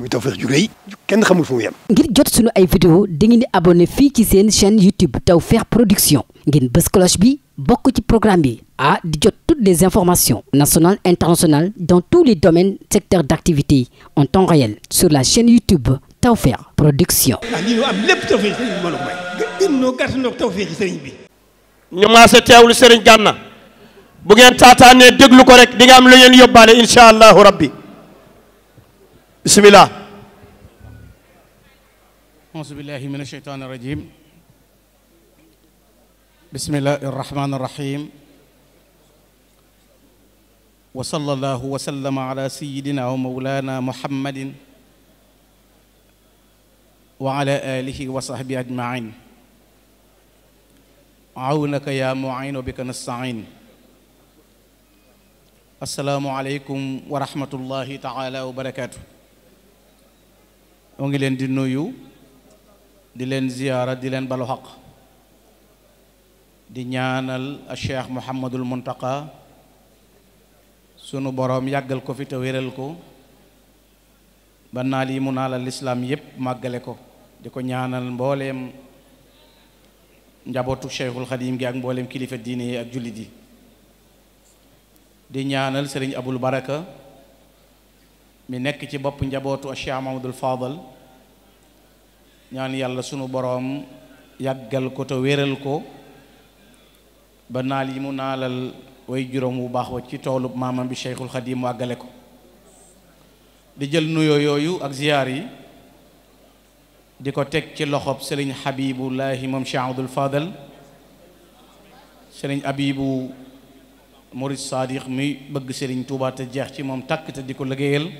muy Tawfekh ju rëy kenn xamul fu mu yem. ngir jot sunu ay vidéo dangeen di abonné fii ci seen chaîne YouTube Tawfekh Production ngeen bës bi bokk ci programme bi ah di jot toutes les informations nationales internationales dans tous les domaines secteurs d'activité en temps réel sur la chaîne YouTube Tawfekh Production. ah lii ñu am lépp Tawfekh sëriñ bi mbooloo mooy. gën gën ñoo gàtt ñoo Tawfekh sëriñ bi. maase teewlu sëriñ Gana bu taataanee déglu ko rek di am lu ngeen yóbbaale incha allahu bismillah auzu billahi min asheytaan irajim bismillahi irrahmani irrahim wa sallallahu wa sallama ala sayidina wa mawlana muhammadin wa ala alihi wa sahbi ajmain awnaka ya muin wa bika nastain asalaamu aleykum wa rahmatullahi taala wa barakatuh mu ngi leen di nuyu di leen ziyaara di leen balu xaq di ñaanal cheikh muhammadul muntaka sunu boroom yàggal ko fi te wéral ko ba naal yi mu naalal lislaam yépp màggale ko di ko ñaanal mbooleem njabootu cheikhul xadim gi ak mbooleem kilifa diine yi ak jullit yi di ñaanal sëriñ abul baraka mu nekk ci bopp njabootu cheikh mahamadul fadal ñaan yàlla sunu boroom yàggal ko te wéral ko ba naal yi mu naalal way juróom bu baax wa ci toolub maamam bi Cheikhul Khadim wàggale ko di jël nuyoo yooyu ak ziyaar yi di ko teg ci loxob sëriñ Habibulaahi moom Cheikh Abdul Fadal sëriñ Abibu Murid Sadiq mi bëgg sëriñ Tuubaa jeex ci moom takk te di ko liggéeyal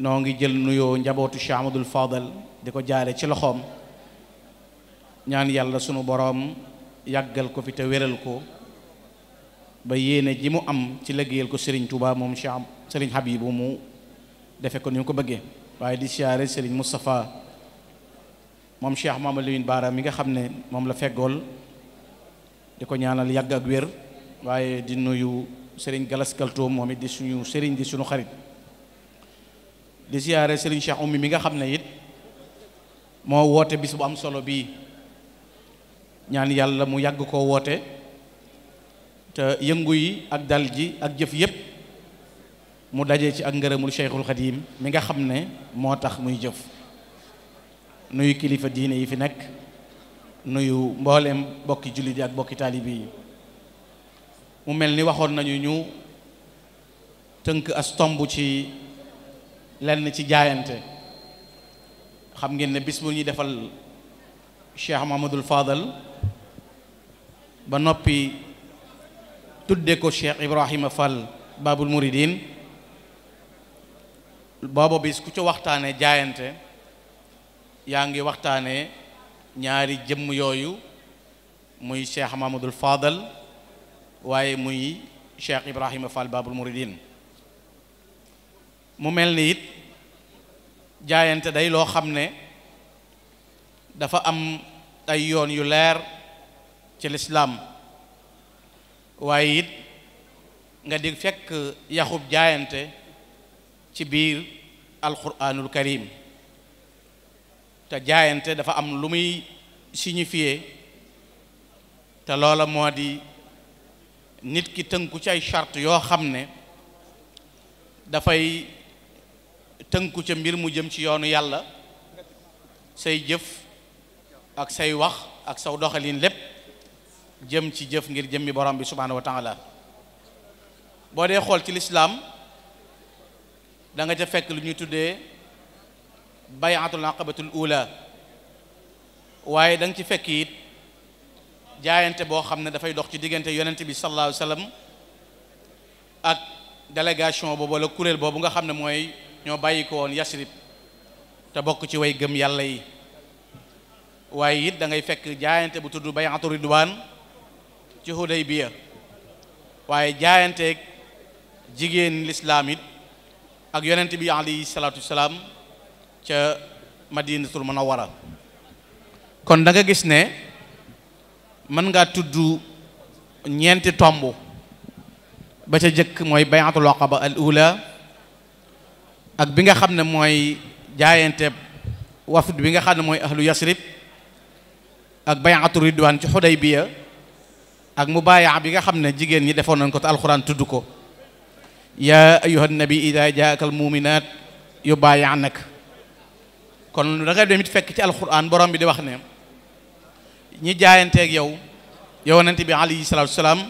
noo ngi jël nuyoo njabootu Cheikh Ahmadul Fadal di ko jaare ci loxoom ñaan yàlla sunu boroom yàggal ko fi te wéral ko ba yéene ji mu am ci liggéeyal ko sëriñ Touba moom Cheikh Serigne Habibu mu defe ko ni mu ko bëggee waaye di siyaare Serigne Moustapha moom Cheikh Mamadou Lamine Bara mi nga xam ne moom la feggool di ko ñaanal yàgg ak wér waaye di nuyu sëriñ Galas Kaltoom moom it di suñu sëriñ di sunu xarit di siyaare Serigne Cheikh Oumy mi nga xam ne it moo woote bis bu am solo bii ñaan yàlla mu yàgg koo woote te yëngu yi ak dal ji ak jëf yépp mu daje ci ak ngërëmul Cheikhul Khadim mi nga xam ne moo tax muy jëf nuyu kilifa diine yi fi nekk nuyu mbooleem bokki jullit yi ak bokki taalibe yi mu mel ni waxoon nañu ñu tënk as ci lenn ci jaayante xam ngeen ne bis bu ñuy defal Cheikh Mahamadul Fadal ba noppi tudde ko Cheikh Ibrahima fal Babul Mouridine booba bis ku ca waxtaanee jaayante yaa ngi waxtaanee ñaari jëmm yooyu muy Cheikh Mahamadul Fadal waaye muy Cheikh Ibrahima fal Babul Mouridine mu mel ni it jaayante day loo xam ne dafa am ay yoon yu leer ci lislaam waaye it nga di fekk yaxub jaayante ci biir alquranul karim te jaayante dafa am lu muy signifié te loola moo di nit ki tënku ci ay charte yoo xam ne dafay tënku ca mbir mu jëm ci yoonu yàlla say jëf ak say wax ak saw doxalin lépp jëm ci jëf ngir jëmmi borom bi subhaanahu wa taala boo dee xool ci lislaam danga nga ca fekk lu ñu tuddee bayatul aqabatul ula waaye da ci fekk it jaayante boo xam ne dafay dox ci diggante yonent bi sallallahu alayhi ak délégation boobu wala kuréel boobu nga xam ne mooy ñoo bàyyi ko yasrib te bokk ci way gëm yàlla yi waaye it dangay fekk jaayante bu tudd bay'atu ridwaan ci Hudaybiya waaye jaayanteeg jigéen lislaam it ak yonent bi alayhi salaatu salaam ca madinatul munawwara kon da gis ne mën nga tudd ñeenti tomb ba ca jëkk mooy bay'atul aqaba al ula ak bi nga xam ne mooy jaayante wafd bi nga xam ne mooy ahlu yasrib ak bay'atu ridwaan ci xudaybiya ak mubaaya bi nga xam ne jigéen ñi defoon nañ ko te alxuraan tudd ko yaa ayyuhan nabi idaa jaaka al muminaat yubaayaanaka kon da ngay dem it fekk ci alxuraan borom bi di wax ne ñi jaayanteeg yow yonent bi alayhi salaatu wa salaam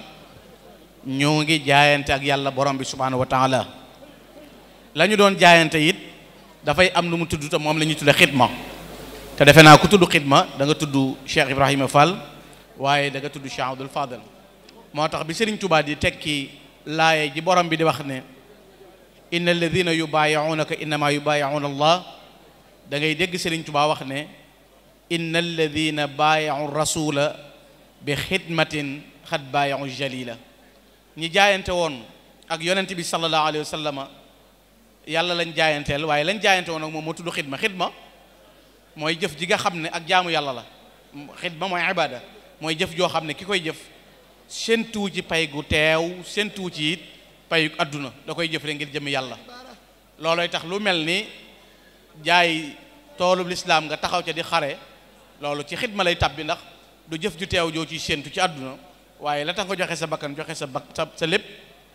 ñoo ngi jaayante ak yàlla borom bi subhaanahu wa taala la doon jaayante it dafay am lu mu tudd te moom la ñuy tudde xidma te defe naa ku tudd xidma da nga tudd Cheikh Ibrahima fal waaye da nga tudd Cheikh Abdoul Fadal moo tax bi Sëriñ tubaa di tekki laaye ji borom bi di wax ne inna alladina yubaayi'unaka innama yubaayi'una allah da ngay dégg Sëriñ tubaa wax ne inna alladina baayi'u rasula bi xidmatin xad baayi'u jalila ñi jaayante woon ak yonent bi sallallahu alayhi wa yàlla lañ jaayanteel waaye lañ jaayante woon ak moom moo tudd xidma xidma mooy jëf ji nga xam ne ak jaamu yàlla la xidma mooy ibada mooy jëf joo xam ne ki koy jëf séentuwu ci pay gu teew séentuwu ci it payu àdduna da koy jëf rek ngir jëm yàlla loolooy tax lu mel ni jaay toolub lislaam nga taxaw ca di xare loolu ci xidma lay tabbi ndax du jëf ju teew joo ci séentu ci àdduna waaye la tax nga joxe sa bakkan joxe sa bak sa lépp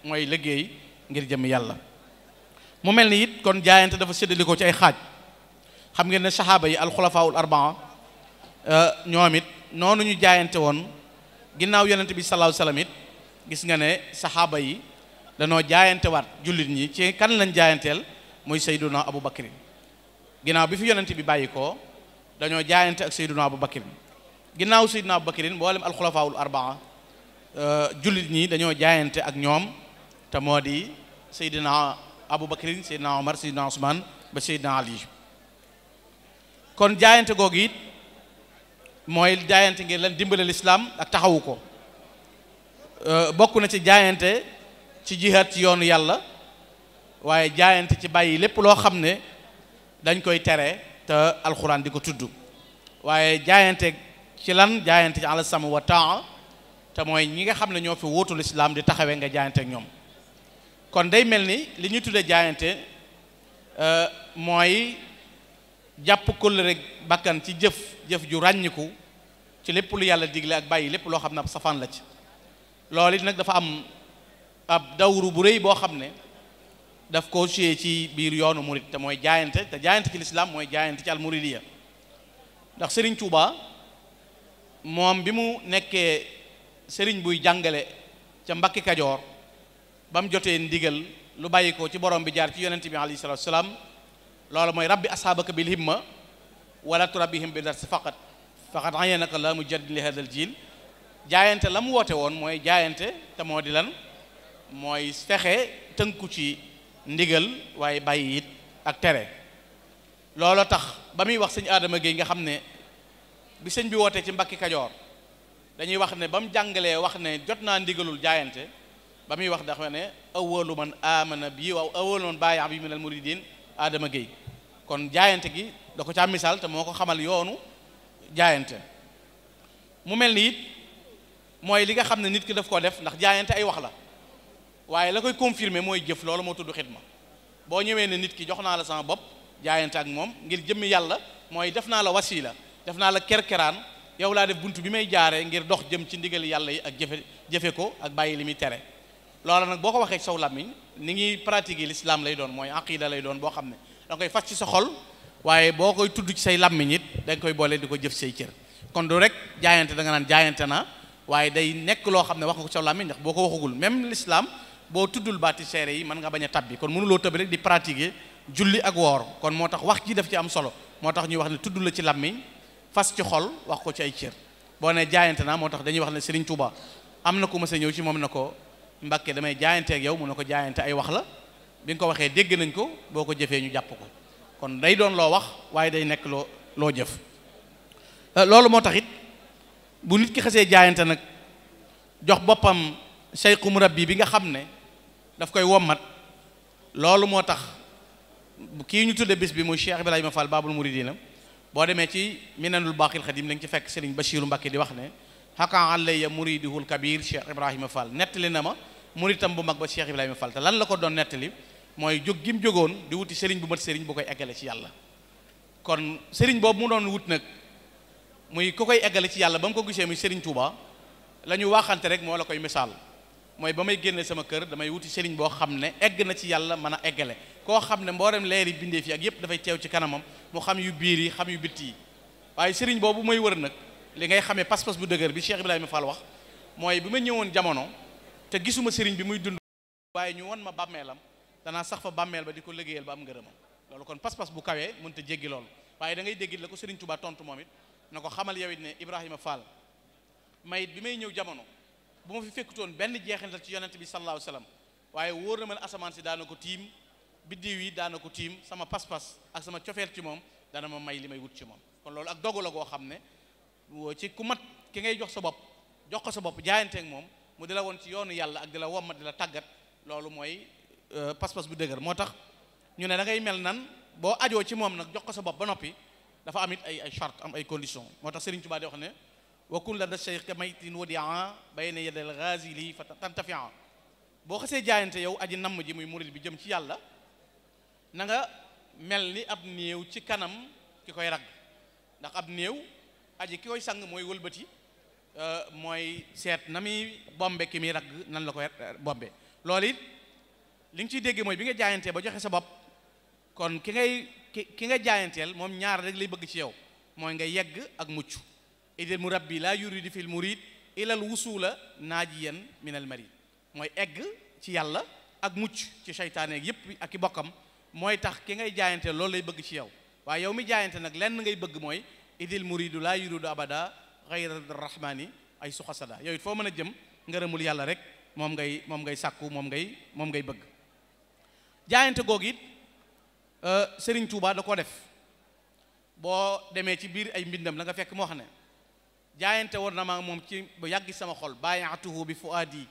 mooy liggéey ngir jëmi yàlla mu mel ni it kon jaayante dafa séddali ko ci ay xaaj xam ngeen ne saxaaba yi alxulafaawul arbaa euh, ñoom it noonu ñu jaayante woon ginnaaw yonent bi salaahu salaam it gis nga ne saxaaba yi dañoo jaayante waat jullit ñi ci kan lañ jaayanteel mooy sayduna abu bakrin ginnaaw bi fi yonent bi bàyyikoo dañoo jaayante ak sayduna abu bakrin ginnaaw sayduna abu bakrin mboolem alxulafaawul arbaa euh, jullit ñi dañoo jaayante ak ñoom te moo di sayduna Abu Bakrin Seydina Omar Seydina Ousmane ba Seydina Ali kon jaayante googu yit mooy jaayante ngir lan dimbale lislaam ak taxawu ko euh, bokk na ci jaayante ci jihaad ci yoonu yàlla waaye jaayante ci bàyyi lépp loo xam ne dañ koy tere te alxuraan di ko tudd waaye jaayante ci lan jaayante ci ala sama wa taa te mooy ñi nga xam ne ñoo fi wuutu lislaam di taxawee nga jaayante ñoom kon day mel ni li ñu tudd jaayante euh, mooy jàpp kóllëre bakkan ci jëf jëf ju ràññiku ci lépp lu yàlla digle ak bàyyi lépp loo xam ne ab safaan la ci loolu it nag dafa am ab dawru bu rëy boo xam ne daf ko suyee ci biir yoonu murit te mooy jaayante te jaayante ci lislaam mooy jaayante ci almuridiya ndax sëriñ Touba moom bi mu nekkee sëriñ buy jàngale ca Mbakki Kajoor ba mu jotee ndigal lu bàyyi ko ci borom bi jaar ci yonent bi alayhi salatu wasalaam loolu mooy rabbi ashaabaka bil himma wala turabbihim bi dars faqat faqat ayanaka la mu jadd li hadal jiil jaayante la mu woote woon mooy jaayante te moo di lan mooy fexe tënku ci ndigal waaye bàyyi it ak tere loolu tax ba muy wax sëñ aadama Gueye nga xam ne bi sëñ bi wootee ci mbakki Kajoor dañuy wax ne ba mu jàngalee wax ne jot naa ndigalul jaayante ba muy wax dafa ne awalu man amana bi waaw awalu man baayaa bi minal muridin Adama Gueye kon jaayante gi da ko caa misaal te moo ko xamal yoonu jaayante mu mel ni it mooy li nga xam ne nit ki daf koo def ndax jaayante ay wax la waaye la koy confirmer mooy jëf loolu moo tudd xidma boo ñëwee ne nit ki jox naa la sama bopp jaayante ak moom ngir jëmmi yàlla mooy def naa la wasila def naa la kerkeraan yow laa def bunt bi may jaaree ngir dox jëm ci ndigali yàlla yi ak jëfe jëfe ko ak bàyyi li muy tere loola nag boo ko waxee saw làmmiñ ni ngi pratiquer l'islam lay doon mooy aqida lay doon boo xam ne da nga koy ci sa xol waaye boo koy tudd ci say làmmiñ it da koy boole di ko jëf say cër kon du rek jaayante da nga naan jaayante na waaye day nekk loo xam ne wax nga ko saw boo ko waxagul même l'islam boo tuddul baati seere yi mën nga bañ a tabbi kon mënuloo tëb rek di pratiquer julli ak woor kon moo tax wax ji daf ci am solo moo tax ñuy wax ne tudd la ci làmmiñ fas ci xol wax ko ci ay cër boo ne jaayante naa moo tax dañuy wax ne Serigne Touba am na ku ma sa ñëw ci moom na ko Mbàkke damay jaayanteeg yow mu a ko jaayante ay wax la bi nga ko waxee dégg nañ ko boo ko jëfee ñu jàpp ko kon day doon loo wax waaye day nekk loo loo jëf euh, loolu moo tax it bu nit ki xasee jaayante nag jox boppam sayqu murabbi bi nga xam ne daf koy wommat loolu moo tax kii ñu tudde bis bi muy Cheikh Ibrahima Fall Babul Muridina boo demee ci minanul baaxil xadim la nga ci fekk Serigne Bachiru mbakke di wax ne xaqan alayya muriduhul kabir Cheikh Ibrahima Fall nettali na ma itam bu mag ba Cheikh Ibrahima Fall te lan la ko doon nettali mooy jóg gim jógoon di wuti sëriñ bu mat sëriñ bu koy eggale ci yàlla kon sëriñ boobu mu doon wut nag muy ku koy eggale ci yàlla ba mu ko gisee muy sëriñ Touba la ñu waxante rek moo la koy misaal mooy ba may génne sama kër damay wuti sëriñ boo xam ne egg na ci yàlla mën a eggale koo xam ne mboolem leer bindee fi ak dafay teew ci kanamam mu xam yu biir yi xam yu bitti yi waaye sëriñ boobu may wër nag li ngay xamee pas-pas bu dëgër bi Cheikh Ibrahima Fall wax mooy bi ma ñëwoon jamono te gisuma sëriñ bi muy dund waaye ñu won ma bàmmeelam danaa sax fa bàmmeel ba di ko liggéeyal ba am ngërëmam loolu kon pas-pas bu kawee mënta jéggi loolu waaye dangay ngay déggit la ko sëriñ Tuubaa tontu moom it na ko xamal yow it ne Ibrahima Fall mayit bi may ñëw jamono bu ma fi fekkutoon benn jeexintal ci yonent bi sallallahu alayhi wasallam waaye wóor na ma ne asamaan si daana ko tiim biddiw yi daana ko tiim sama pas-pas ak sama cofeel ci moom dana ma may li may wut ci moom kon ak dogu la goo xam ne ci ku mat ki ngay jox sa bopp jox ko sa bopp jaayanteeg moom mu di la woon ci yoonu yàlla ak di la wommat di la tàggat loolu mooy euh, pas-pas bu dëgër moo tax ñu ne da ngay mel nan boo ajoo ci moom nag jox ko sa bopp ba noppi dafa am it ay ay am ay condition moo tax Sëriñ Tuubaa di wax ne wa kun la da cheikh maytin wadia bayna yadal ghazili fa tantafia boo xasee jaayante yow aji namm ji muy murid bi jëm ci yàlla nanga mel ni ab néew ci kanam ki koy ragg ndax ab néew aji ki koy sang mooy wëlbati Euh, mooy seet na mi bombe ki muy ragg nan la koy euh, bombe lool it li nga ciy déggee mooy bi nga jaayantee ba joxe sa bopp kon ki ngay ki nga jaayanteel moom ñaar rek lay bëgg ci yow mooy nga yegg ak mucc idil mu rabbi laa yuridu fil murid ilal wusula yenn minal marid mooy egg ci yàlla ak mucc ci seytaane yépp ak i bokkam mooy tax ki ngay jaayanteel loolu lay bëgg ci yow waaye yow mi jaayante nag lenn ngay bëgg mooy idil muridu laa yuridu abada xayra rahmaani ay suxasada yooyu foo mën a jëm ngërëmul yàlla rek moom ngay moom ngay sàkku moom ngay moom ngay bëgg jaayante googu it euh, Serigne Touba da koo def boo demee ci biir ay mbindam la fekk moo xam ne jaayante war na ma moom ci ba yàgg sama xol baayaatuhu bi fu fuaadi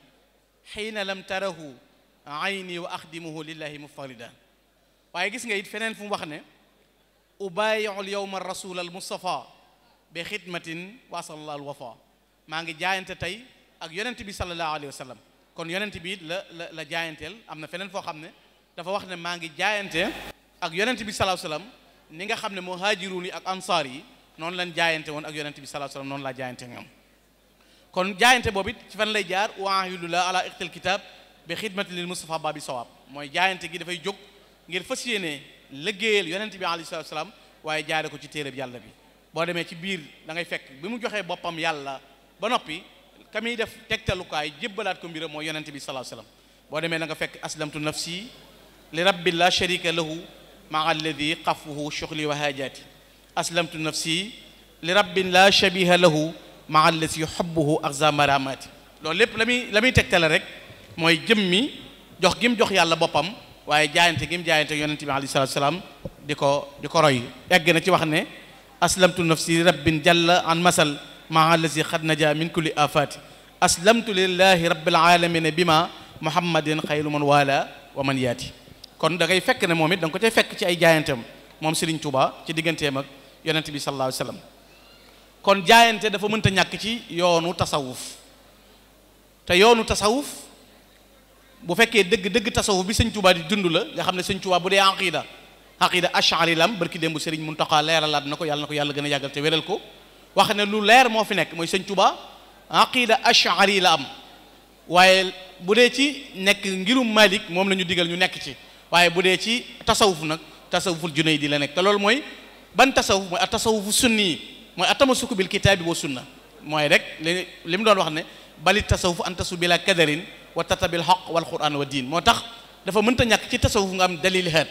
xiina lam tarahu ayni wa axdimuhu lillahi mufaridan waaye gis nga it feneen fu wax ne ubaayiul yowma rasul al mustafa bi xidmatin wasalla al wafa maa ngi jaayante tey ak yonent bi sallallahu alayhi wa sallam kon yonent bi la la la jaayanteel am na feneen foo xam ne dafa wax ne maa ngi jaayante ak yonent bi sallallahu alayhi ni nga xam ne muhaajiruun yi ak ansaar yi noonu lañ jaayante woon ak yonent bi sallallahu alayhi wa sallam noonu laa jaayante ñoom kon jaayante boobu it ci fan lay jaar waahidu la ala iqtil kitab bi xidmati lil Mustafa babi sawab mooy jaayante gi dafay jóg ngir fas yéene liggéeyal yonent bi alayhi salaam waaye jaare ko ci téereb yàlla bi boo demee ci biir da ngay fekk bi mu joxee boppam yàlla ba noppi ka muy def tegtalukaay jébbalaat ko mbiram mooy yonente bi sallallahu alayhi boo demee da nga fekk aslamtu nafsi li rabbi la sharika lahu maa alladi xafuhu shughli wa hajati aslamtu nafsi li rabbin la shabiha lahu maa alladi yuhibbuhu axza maramati loolu lépp la la muy tegtale rek mooy jëm mi jox gi jox yàlla boppam waaye jaayante gi mu jaayante yonente bi alayhi salaatu salaam di ko di ko roy egg na ci wax ne aslamtu nafsi rabbin jalla an masal maa allazi xad naja min kulli afaati aslamtu lillahi rabbil alamina ma muhammadin xayru man waala wa man yaati kon da ngay fekk ne moom it danga ko te fekk ci ay jaayanteem moom Serigne Touba ci digganteem ak yonent bi sallallahu alayhi wa sallam kon jaayante dafa mënta ñàkk ci yoonu tasawuf te yoonu tasawuf bu fekkee dëgg dëgg tasawuf bi sëñ Touba di dund la nga xam ne sëñ Touba bu dee aqida xaqida ashari lam barki démb sëriñ Muntaxa leeralaat na ko yàlla na ko yàlla gën a yàggal te wéral ko wax ne lu leer moo fi nekk mooy sëñ Tuba xaqida ashari la am waaye bu dee ci nekk ngirum Malik moom la ñu digal ñu nekk ci waaye bu dee ci tasawuf nag tasawuful junay di la nekk te loolu mooy ban tasawuf mooy a tasawufu sunni yi mooy atamasuku bil kitaabi wa sunna mooy rek li li mu doon wax ne bali tasawuf an tasu bila kadarin wa tatabil xaq wal quran wa diin moo tax dafa mënta ñàkk ci tasawuf nga am dalil xeet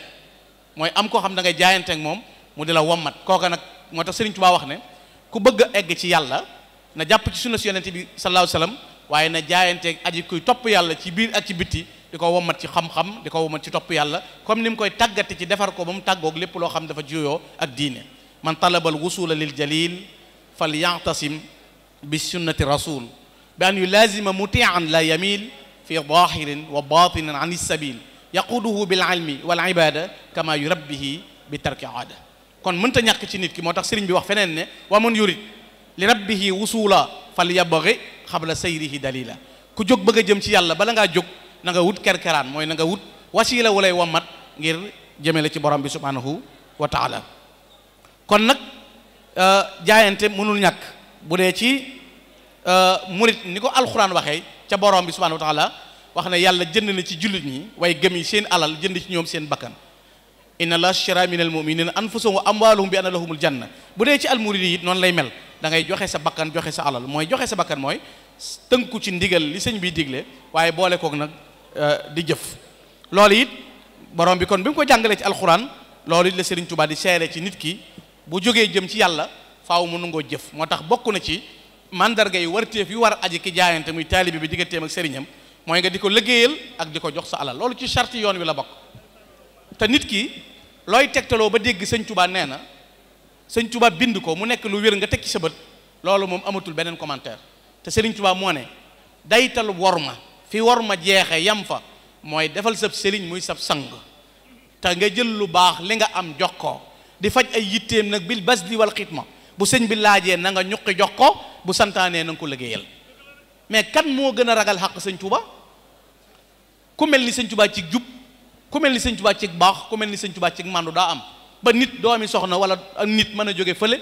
mooy am koo xam da ngay jaayante ak moom mu di la wommat kooka nag moo tax Sëriñ Tuubaa wax ne ku bëgg a egg ci yàlla na jàpp ci sunna si yonente bi sallallahu alayhi wasallam waaye na jaayanteeg aji kuy topp yàlla ci biir ak ci bitti di ko wommat ci xam-xam di ko wommat ci topp yàlla comme ni mu koy tàggati ci defar ko ba mu tàggoog lépp loo xam dafa juyoo ak diine man talabal wusula lil jalil fal ya'tasim bi sunnati rasul bi an yulazima muti'an la yamil fi dahirin wa batinin an is sabil yaquduhu bil ilmi wal ibada kama yurabbihi bi tarki aada kon mënta ñàkk ci nit ki moo tax sëriñ bi wax feneen ne wa man yurid li rabbihi wusula fal yabghi xabla sayrihi dalila ku jóg bëgg a jëm ci yàlla bala ngaa jóg nanga wut kerkeraan mooy na nga wut wasiila walay wammat ngir jëme la ci borom bi subhanahu wa taala kon nag euh, jaayante mënul ñàkk bu dee ci euh, murit ni ko alxuraan waxee ca borom bi subhanahu wa taala wax ne yàlla jënd na ci jullit ñi waaye gëm yi seen alal jënd ci ñoom seen bakkan inna la an minal muminina anfusahum wa amwaluhum bi anna lahumul na bu dee ci almuridi it noonu lay mel da ngay joxe sa bakkan joxe sa alal mooy joxe sa bakkan mooy tënku ci ndigal li sëñ bi digle waaye boole kook nag euh, di jëf loolu it borom bi kon bi mu ko jàngalee ci alxuraan lool it la Serigne Touba di seere ci nit ki bu jógee jëm ci yàlla faw mu nangoo jëf moo tax bokk na ci mandarga yi warteef yu war aji ki jaayante muy taalibe bi digganteem ak sëriñam mooy nga di ko liggéeyal ak di ko jox sa alal loolu ci charte yoon wi la bokk te nit ki looy tegtaloo ba dégg sëñ Touba nee na sëñ Touba bind ko mu nekk lu wér nga teg ci sa bët loolu moom amatul beneen commentaire te sëriñ Touba moo ne daytal worma fi ma jeexe yam fa mooy defal sab sëriñ muy sab sang te nga jël lu baax li nga am jox ko di faj ay yitteem nag bil bas di walxiit ma bu sëñ bi laajee na nga ñuqi jox ko bu santaanee na ko liggéeyal mais kan moo gën a ragal xàq ku mel ni sëñ Tuubaa cig jub ku mel ni sëñ Tuubaa ci baax ku mel ni sëñ Tuubaa ci màndu daa am ba nit doo doomi soxna wala nit mën a jóge fële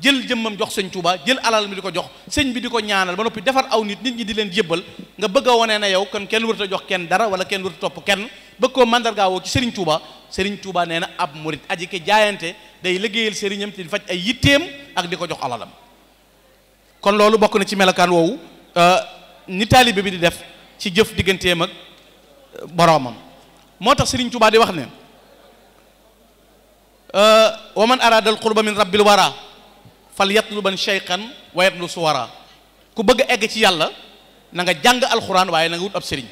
jël jëmmam jox sëñ Tuubaa jël alal mi di ko jox sëñ bi di ko ñaanal ba noppi defar aw nit nit ñi di leen jébbal nga bëgg wonee wane na yow kon kenn warut a jox kenn dara wala kenn warut a topp kenn bëgg koo mandargaawoo ci sëriñ Tuubaa sëriñ Tuubaa nee na ab murit aji jaayante day liggéeyal sëriñam te di faj ay yitteem ak di ko jox alalam kon loolu bokk na ci melokaan woowu euh, ni taalibe bi di def ci jëf digganteem ak boroomam moo tax Sëriñ Tuubaa di wax ne euh, wa man araada al qurba min rabbil wara fal yatluban shaykhan wa yatlu suwara ku bëgg egg ci yàlla na nga jàng alxuraan waaye na nga wut ab sëriñ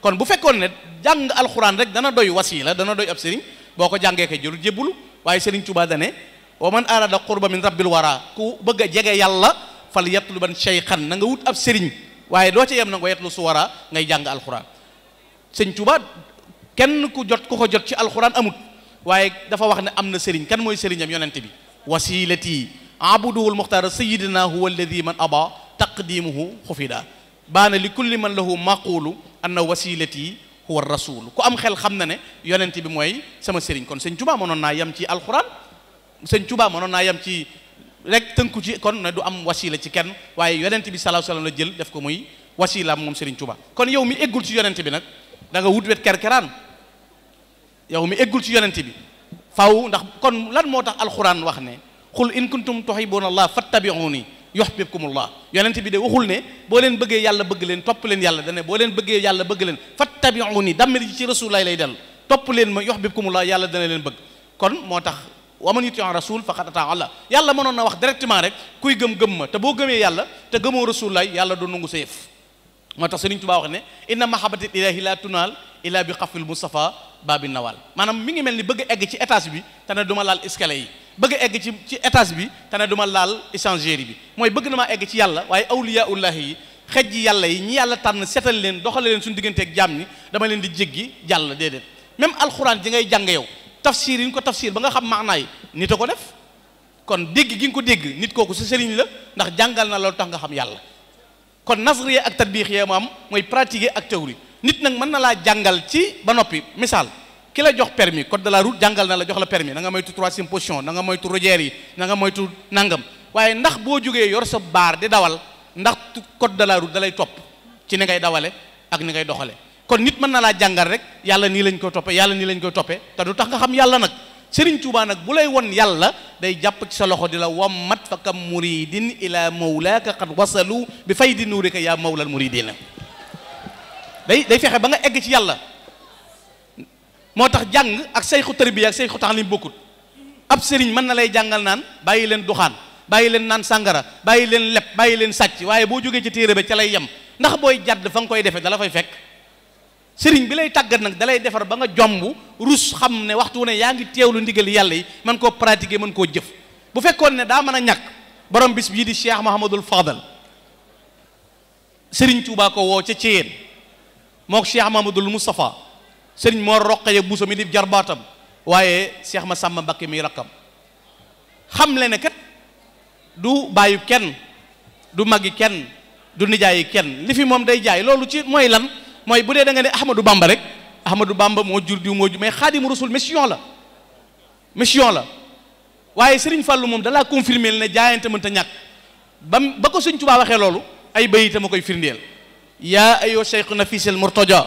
kon bu fekkoon ne jàng alxuraan rek dana doy wasiila dana doy ab sëriñ boo ko jàngee ko jëru jébbulu waaye Sëriñ Tuubaa dane wa man araada qurba min rabbil wara ku bëgg a jege yàlla fal yatluban shaykhan na nga wut ab sëriñ waaye doo ca yem na nga yetlu suwara ngay jàng alxuraan sëñ Touba kenn ku jot ku ko jot ci alxuraan amut waaye dafa wax ne am na sëriñ kan mooy sëriñam yonente bi wasilati abuduhul muxtaara sayidina huwa alladi man aba taqdimuhu xufida baana li kulli man lahu maqulu anna wasilati huwa rasul ku am xel xam na ne yonente bi mooy sama sëriñ kon sëñ Touba mënoon naa yem ci alxuraan sëñ Touba mënoon naa yem ci rek tënku ci kon ne du am wasila ci kenn waaye yonente bi salaa salaam la jël def ko muy wasila moom sëriñ Touba kon yow mi eggul ci yonente bi nag da nga wut wet kerkeraan yow mi eggul ci yonent bi faw ndax kon lan moo tax alxuraan wax ne xul in kuntum tuhibbuna allah fattabi'uni yuhbibkumullah yonent bi de waxul ne boo leen bëggee yàlla bëgg leen topp leen yàlla dane boo bëggee yàlla bëgg leen fattabi'uni dammir ji ci rasulaay lay dellu topp leen ma yuhbibkumullah yàlla dana leen bëgg kon moo tax wa man yuti rasul faqad ata allah yàlla mënoon na wax directement rek kuy gëm gëm ma te boo gëmee yàlla te gëmoo rasulaay yàlla du nangu sa yëf moo tax Sëriñ Tuubaa wax ne inna mahabbati ilaahi la tunaal illa bi xafil Mustafa babi nawal maanaam mi ngi mel ni bëgg egg ci étage bi te ne du ma laal escalier yi bëgg egg ci ci étage bi te ne du laal échangeur bi mooy bëgg na maa egg ci yàlla waaye awliyaullahi yi xej ji yàlla yi ñi yàlla tànn seetal leen doxale suñu digganteeg jaam ñi dama leen di jéggi jàll déedéet même alxuraan ji ngay jàng yow tafsir yi ñu ko tafsir ba nga xam maanaa yi nit ko def kon dégg gi nga ko dégg nit kooku sa sëriñ la ndax jàngal na loolu tax nga xam yàlla kon nasriye ak tatbiix yee mu am mooy pratiquer ak théorie nit nag mën na laa jàngal ci ba noppi misaal ki la jox permis code de la route jàngal na la jox la permis na nga moytu troisième position na nga moytu rojeer yi na nga moytu nangam waaye ndax boo jógee yor sa baar di dawal ndax code de la route da lay topp ci ni ngay dawale ak ni ngay doxale kon nit mën na laa jàngal rek yàlla nii lañ koy toppee yàlla nii lañ koy toppee te du tax nga xam yàlla nag sëriñ Tuubaa nag bu lay won yàlla day jàpp ci sa loxo di la wom wammat fa kam muridin ila mawlaaka qad wasalu bi fay di nuurika yaa mawlal muridina day day fexe ba nga egg ci yàlla moo tax jàng ak sayxu tarbiya ak sayxu taxlim bokkut ab sëriñ mën na lay jàngal naan bàyyi leen duxaan bàyyi leen naan sàngara bàyyi leen leb bàyyi leen sàcc waaye boo jógee ci téere bi ca lay yem ndax booy jàdd fa nga koy defee dala fay fekk sëriñ bi lay tàggat nag dalay defar ba nga jomb rus xam ne waxtu wu ne yaa ngi teewlu ndigal yàlla yi mën koo pratiquer mën koo jëf bu fekkoon ne daa mën a ñàkk borom bis bii di Cheikh Mouhamadul Fadal sëriñ Touba ko woo ca Thièyeen mook mu Mouhamadul Moustapha sëriñ moo roqee buusa mi di jarbaatam waaye Cheikh ma sàmm Mbakke mi rakkam xam le ne kat du bàyyu kenn du maggi kenn du nijaayi kenn li fi moom day jaay loolu ci mooy lan. mooy bu dee da nga ne Ahmadou Bamba rek Ahmadou Bamba moo jur diw moo jur mais Xaadimu Rasul mission la mission la waaye sëriñ Fallou moom dalaa confirmer ne jaayante mënta ñàkk ba ba ko Sëñ Tuubaa waxee loolu ay bayitama koy firndeel yaa ayo cheikhu nafisel murtaja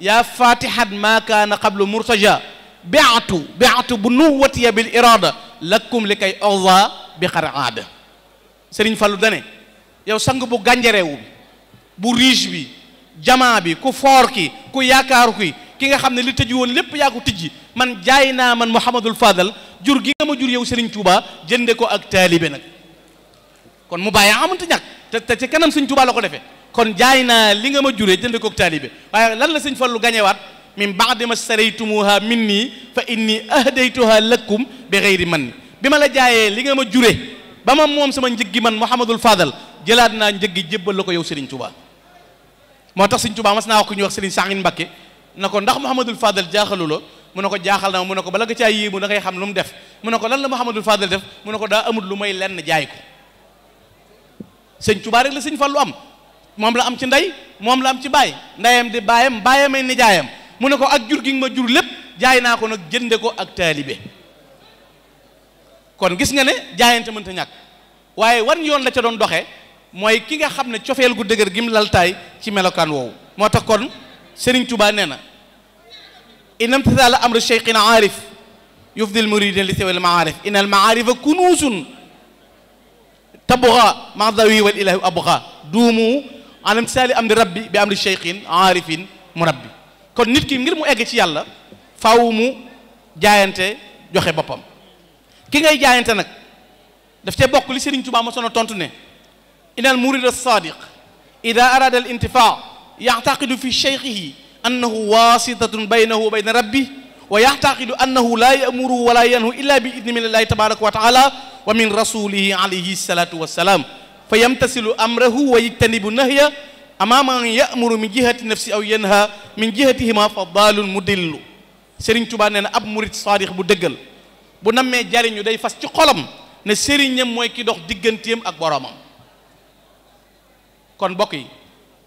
yaa fatihat ma kaana qablu murtaja beatu beatu bu nuwatiya bil irada lakkum li kay orza bi xar aada Serigne Fallou dane yow sang bu gànjareewu bu riche bi jamaa bi ku foor ki ku yaakaaru ki ki nga xam ne li tëj woon lépp yaa ko tijji man jaay naa man Mouhamadul Fadal jur gi nga ma jur yow Serigne Touba jënde ko ak taalibe nag kon mu bàyyi amante ñàkk te te ci kanam Serigne Touba la ko defee kon jaay naa li nga ma juree jënde ko ak taalibe waaye lan la Serigne Fallou gañewaat min baadi ma saraytumuha minni fa inni ahdaytuha lakum bi ghayri manni bi ma la jaayee li nga ma juree ba ma moom sama njëg gi man Mouhamadul Fadal jëlaat naa njëg gi jébbal ko yow Serigne Touba. moo tax Sëriñ Tuubaa mas naa wax ku ñuy wax Sëriñ Sangin Mbakke na ko ndax Mouhamadul Fadal jaaxalu la mu ne ko jaaxal na mu ne ko bala nga caa yéemu da ngay xam lu mu def mu ne ko lan la Mouhamadul Fadal def mu ne ko daa amul lu may lenn jaay ko Sëriñ Tuubaa rek la Sëriñ lu am moom la am ci ndey moom la am ci baay ndeyam di baayam baayamay nijaayam mu ne ko ak jur gi ma jur lépp jaay naa ko nag jënde ko ak taalibe kon gis nga ne jaayante mënta ñàkk waaye wan yoon la ca doon doxee mooy ki nga xam ne cofeel gu dëgër gi mu laltaay ci melokaan woowu moo tax kon Sëriñ Tuubaa nee na inam tisaala amru cheikhin aarif yufdil muridin li sewel maarif inal maarifa kunuusun tabxa mahdawi wal ilaahi abxa duumu alam amri rabbi bi amri cheikhin aarifin mu rabbi kon nit ki ngir mu egg ci yàlla faw mu jaayante joxe boppam ki ngay jaayante nag daf cee bokk li Sëriñ Tuubaa ma sono tontu ne إلى المريد الصادق إذا أراد الانتفاع يعتقد في شيخه أنه واسطة بينه وبين ربه ويعتقد أنه لا يأمر ولا ينهى إلا بإذن من الله تبارك وتعالى ومن رسوله عليه الصلاة والسلام فيمتثل أمره ويجتنب النهي أمام من يأمر من جهة نفسه أو ينهى من جهتهما فضال مدل Serigne Touba nee na ab murit saadix bu dëggal bu nammee jariñu day fas ci xolam ne sëriñam mooy ki dox digganteem ak boroomam kon bokk yi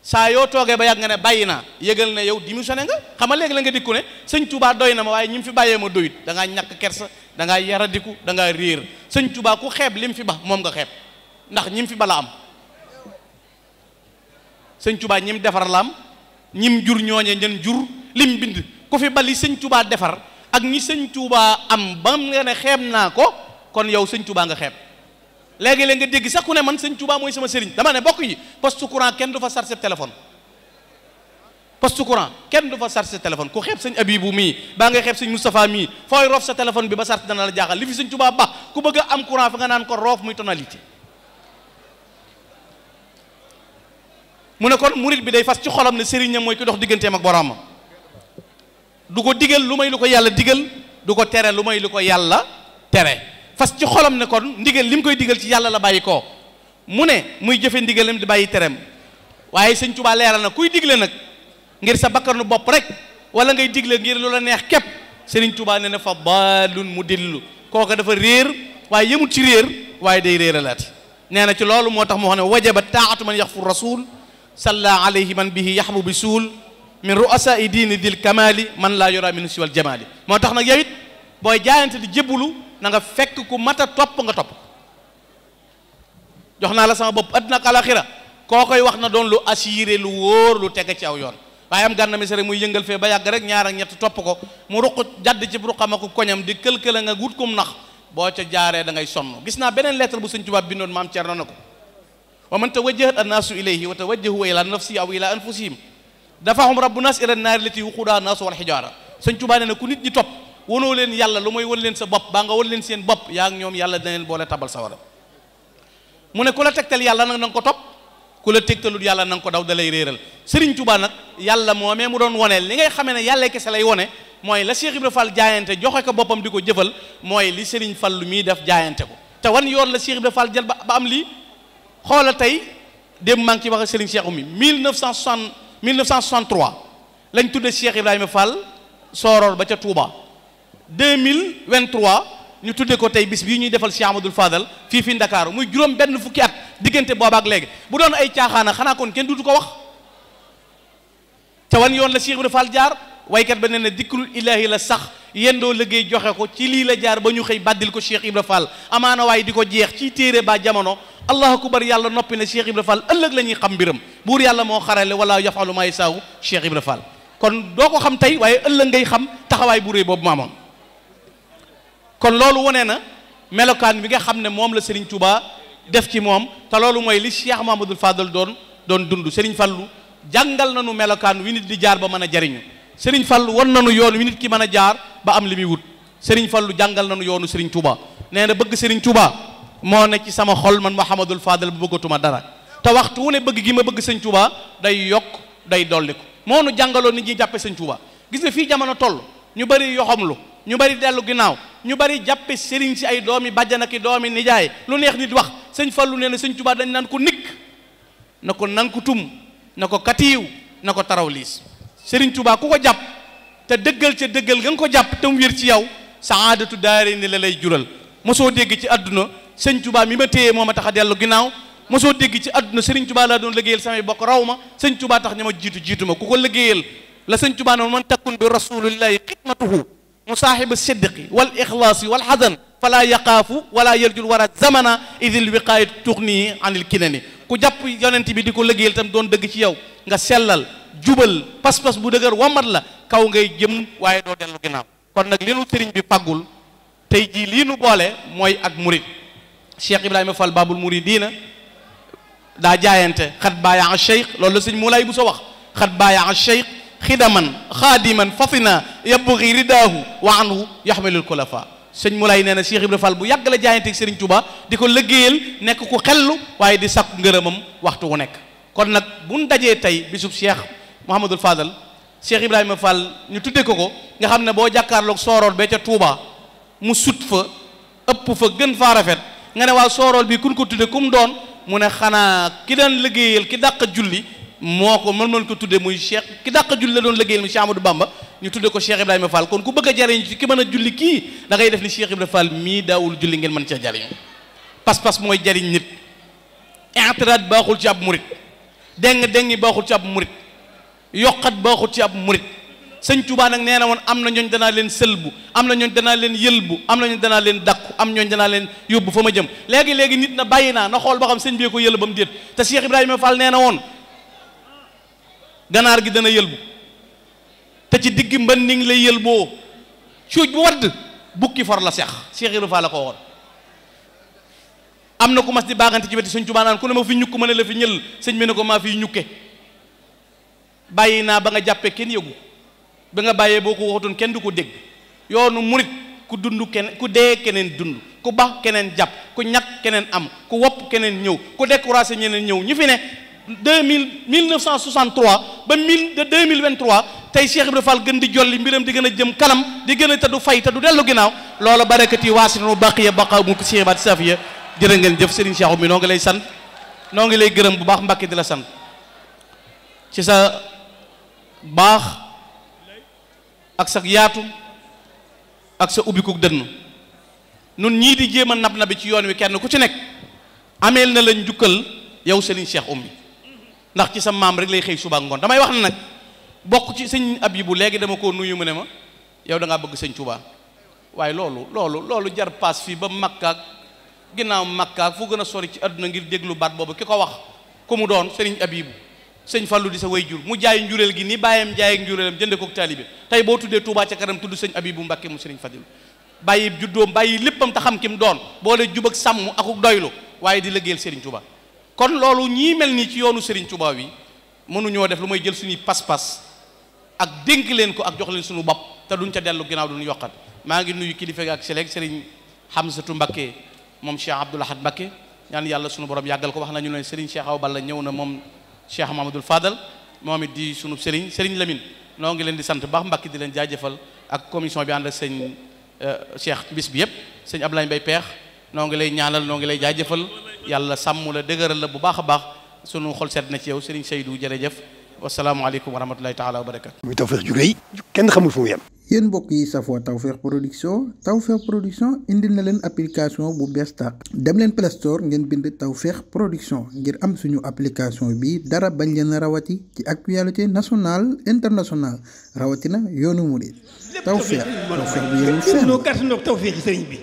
saa yoo toogee ba yàgg nga ne bàyyi naa yëgal ne yow mu démissionné xam xama léegi la nga dikku ne sëñ Touba doy na ma waaye ñi fi bàyyee ma doyut da ngaa ñàkk kersa da ngaa yaradiku da ngaa réer sëñ tubaa ku xeeb li mu fi ba moom nga xeeb ndax ñi mu fi bala am sëñ tubaa ñi mu defar la am ñi jur ñooñe ñen jur lim bind ku fi bali sëñ tubaa defar ak ñi sëñ Touba am ba nga ne xeeb naa ko kon yow sëñ tubaa nga xeeb léegi-léeg nga dégg sax ku ne man sëñ Touba mooy sama sëriñ dama ne bokk yi poste courant kenn du fa chargé téléphone poste courant kenn du fa sar chargé téléphone ku xeeb sëñ Abibu mii baa ngay xeeb sëñ Moustapha mii fooy roof sa téléphone bi ba chargé dana la jaaxal li fi sëñ Touba baax ku bëgg am courant fa nga naan ko roof muy tonalité mu ne kon murit bi day fas ci xolam ne sëriñam mooy ki dox digganteem ak boroomam du ko digal lu may lu ko yàlla digal du ko tere lu may lu ko yàlla tere fas ci xolam ne kon ndigal li mu koy digal ci yàlla la bàyyi koo mu ne muy jëfe ndigalam di bàyyi tereem waaye sëñ Tuubaa leeral na kuy digle nag ngir sa bakkanu bopp rek wala ngay digle ngir lu la neex képp sëriñ Tuubaa ne na fa baalun mu dillu kooka dafa réer waaye yemut ci réer waaye day réeralaat nee na ci loolu moo tax moo xam ne wajaba taatu man yaxfu rasul salla alayhi man bihi yaxbu bi suul min ruasai diini dil kamali man laa yora min siwal jamaali moo tax nag na nga fekk ku mata a topp nga topp jox naa la sama bopp àddina ak alaxira koo koy wax na doon lu assuré lu wóor lu tege ci aw yoon waaye am gànna misere muy yëngal fee ba yàgg rek ñaar ñett topp ko mu ruq jàdd ci ruqam ak koñam di kël-këla nga wut kum nax boo ca jaaree dangay sonn gis naa beneen lettre bu sëñ Tuubaa bindoon maam Cerno na ko wa man tawajjahat annaasu ilayhi wa tawajjahu ila nafsi aw ila anfusihim dafahum rabbu nas ila naari lati wuqudaa naasu wal xijaara sëñ Tuubaa nee na ku nit wonoo leen yàlla lu mooy wan leen sa bopp baa nga won leen seen bopp yaa ak ñoom yàlla dana leen boole tabal sawara mu ne ku la tegtal yàlla nag na nga ko topp ku la tegtalul yàlla na nga ko daw da lay réeral Serigne Touba nag yàlla moomee mu doon wonee li ngay xamee ne yàlla kese lay wone mooy la Cheikh Ibra Fall jaayante joxe ko boppam di ko jëfal mooy li Serigne Fallu mii def jaayante ko te wan yoon la Cheikh Ibra Fall jël ba am lii xoola tey démb maa ngi ci wax ak Serigne Cheikh Oumy 1960 1963 lañ tuddee Cheikh Ibrahima Fall sooroor ba ca tuuba 2023 ñu tuddee ko tey bis bii ñuy defal Cheikh Amadou faadal fii fi Ndakaaru muy juróom benn fukki at diggante boobaak léegi bu doon ay caaxaana xanaa kon kenn duutu ko wax ca wan yoon la Cheikh Ibrahima Fall jaar waykat ba nee na dikkul ilaahi la sax yenn doo liggéey joxe ko ci lii la jaar ba ñu xëy bàddil ko Cheikh Ibra Fall amaana waaye di ko jeex ci téere ba jamono allahu akbar yàlla noppi na Cheikh Ibra Fall ëllëg la ñuy xam mbiram buur yàlla moo xarale wala yafalu maa yasaahu Cheikh Ibra Fall kon doo ko xam tey waaye ëllëg ngay xam taxawaay bu réy boobu maamoon kon loolu wane na melokaan bi nga xam ne moom la Serigne Touba def ci moom te loolu mooy li Cheikh Mamadou Fadal doon doon dund Serigne fallu jàngal na nu melokaan wi nit di jaar ba mën a jariñu Serigne fallu wan na nu yoon wi nit ki mën a jaar ba am li muy wut Serigne fallu jàngal na nu yoonu Serigne Touba nee na bëgg Serigne Touba moo ne ci sama xol man Mouhamadou faadal bu bëggatuma dara te waxtu ne bëgg gi ma bëgg Serigne Touba day yokk day dolli ko moo nu jàngaloon nit ñi jàppee Serigne fii jamono toll ñu bëri yoxam lu ñu bari dellu ginnaaw ñu bari jàppe sëriñ si ay doomi bàjjan ak i doomi nijaay lu neex nit wax sëñ Fallu nee na sëñ Tuubaa dañ ko nikk na ko nan ko tum na ko katiiw na ko taraw liis sëriñ Tuubaa ku ko jàpp te dëggal ca dëggal nga ko jàpp te mu wér ci yow saadatu daare ni la lay jural mosoo dégg ci àdduna sëñ Tuubaa mi ma téye moo a tax a dellu ginnaaw mosoo dégg ci àdduna sëriñ Tuubaa laa doon liggéeyal samay bokk raw ma sëñ Tuubaa tax ña ma jiitu jiitu ku ko liggéeyal la sëñ Tuubaa noonu man takkun bi rasulillahi xidmatuhu mu saaxiba sidqi wal ixlaasi wal xasan falaa yaqaafu wala yarjul war a zamana idil wiqaayat tuxnii anil kinani ku jàpp yonent bi di ko liggéeyal tam doon dégg ci yow nga sellal jubal pas-pas bu dëgër wamat la kaw ngay jëm waaye doo dellu ginnaaw kon nag li nu sëriñ bi paggul tey jii lii nu boole mooy ak murid Cheikh Ibrahima Fall Babul Muridina daa jaayante xat baayaa cheikh lool la sëñ Moulay bu so wax xat baayaa cheikh xidaman xaadiman fatina yabbugi ridaahu wa anhu yaxmelul kulafa sëñ Moulay nee na Cheikh Ibra Fall bu yàgg la jaayanteeg Serigne Touba di ko lëggéeyal nekk ku xellu waaye di sakku ngërëmam waxtu wu nekk kon nag bu nu dajee tey bisub Cheikh Mouhamadul Fadal Cheikh Ibrahima Fall ñu tudde ko ko nga xam ne boo jàkkaarloog soorool bee ca Touba mu sut fa ëpp fa gën faa rafet nga ne waa soorool bi kun ko tudde kum doon mu ne xanaa ki daan liggéeyal ki dàq julli moo ko mën mën ko tudde muy cheikh ki dàq julli la doon liggéeyal muy Cheikh Amadou Bamba ñu tudde ko Cheikh Ibrahima Fall kon ku bëgg a jariñu ci ki mën a julli kii dangay def ni Cheikh Ibrahima Fall mii daawul julli ngeen mën cee jariñu pas-pas mooy jariñ nit intiraat baaxul ci ab murit deng dengi baaxul ci ab murit yokkat baaxul ci ab murit sëñ Tuubaa nag nee na woon am na ñooñ danaa leen sëlbu am na ñooñ danaa leen yëlbu am na ñooñ danaa leen dakku am ñooñ danaa leen yóbbu fa ma jëm léegi-léegi nit na bàyyi naa na xool boo xam sëñ ko yëlbam déet te Cheikh Ibrahima Fall nee na woon ganaar gi dana yëlbu te ci digg mbanding lay yëlboo cuuj bu wadd bukki for la seex Seex Ibra Faal la ko woon am na ku mas di baagante ci weti sëñ Tuubaa naan ku ne ma fi ñukk ma ne la fi ñël sëñ bi ne ko maa fiy ñukke bàyyi naa ba nga jàppee kenn yëgu ba nga bàyyee boo ko waxutoon kenn du ko dégg yoonu murit ku dund keneen ku dee keneen dund ku ba keneen jàpp ku ñakk keneen am ku wopp keneen ñëw ku découragé ñeneen ñëw ñi fi ne deux mille mille neuf cent soixante ba mille de tey Cheikh Ibrahima Fall gën di jolli mbiram di gën a jëm kanam di gën a te du fay te du dellu ginnaaw loola barakat yi waasinanu baqiya baqa mu ko Cheikh Ibrahima Safiya jërë ngeen jëf Serigne seex mi noo ngi lay sant noo ngi lay gërëm bu baax Mbàkke di la sant ci sa baax ak sa yaatu ak sa ubbikuk dënn nun ñii di jéem a nab nabi ci yoon wi kenn ku ci nekk ameel na la njukkal yow Serigne Cheikh Oumy ndax ci sa maam rek lay xëy suba ngoon damay wax na nag bokk ci sëñ ab yi bu léegi dama koo nuyu mu ne ma yow da bëgg sëñ Tuubaa waaye loolu loolu loolu jar paas fii ba makkaak ginnaaw makkaak fu gën a sori ci àdduna ngir déglu baat boobu ki ko wax ku mu doon sëriñ abibu sëñ Fallou di sa way jur mu jaay njureel gi ni bàyyam jaay ak njureelam jënde ko taalibe tey boo tuddee Touba ca kanam tudd sëñ abibu Mbàkke mu sëriñ Fadilu bàyyi juddoom bàyyi léppam ta xam ki mu doon boole jub ak sàmm akuk doylu waaye di liggéeyal sëriñ Touba kon loolu ñii mel nii ci yoonu Serigne Touba wi mënuñoo def lu may jël suñuy pas-pas ak dénk leen ko ak jox leen suñu bopp te duñ ca dellu ginnaaw duñu yokkat maa ngi nuyu kilifa ak si léeg Serigne Hamsatu Mbakke moom Cheikh Abdoul Ahad Mbakke ñaan yàlla suñu borom yàggal ko wax nañu ne Serigne Cheikh Awa Balla ñëw na moom Cheikh Mamadou Fadal moom it di sunu Serigne Serigne Lamine noo ngi leen di sant baax Mbakke di leen jaajëfal ak commission bi ànd ak sëñ euh, Cheikh bis bi yëpp sëñ Ablaye Mbaye Peex noo ngi lay ñaanal noo ngi lay jaay jëfal yàlla sàmm la dëgëral la bu baax a baax sunu xol sedd na ci yow Serigne Seydou jërëjëf wasalaamualeykum wa rahmatulahi taala wa barakaatu. muy tawfeex ju rëy kenn xamul fu mu yem. yéen mbokk yi safoo Tawfekh Production Tawfekh Production indil na leen application bu bees tàq dem leen Play Store ngeen bind Tawfekh Production ngir am suñu application bi dara bañ leen rawati ci ak actualité national internationale rawatina yoonu murid